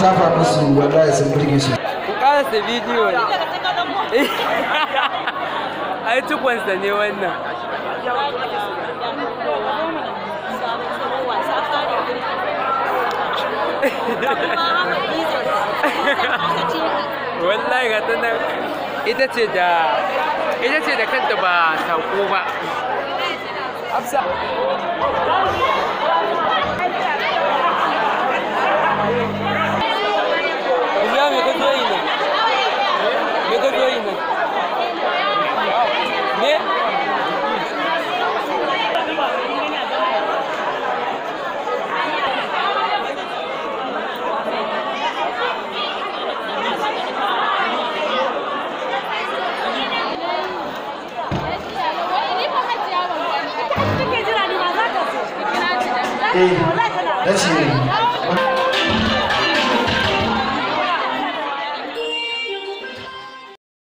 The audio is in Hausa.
tafa musu ya sun burge su ku karasa bidiyo ne ai tukwansa ne wannan wallahi ga ta nan ita ce da ita ce da kanta ba sako ba Hafsa. 来，来，起。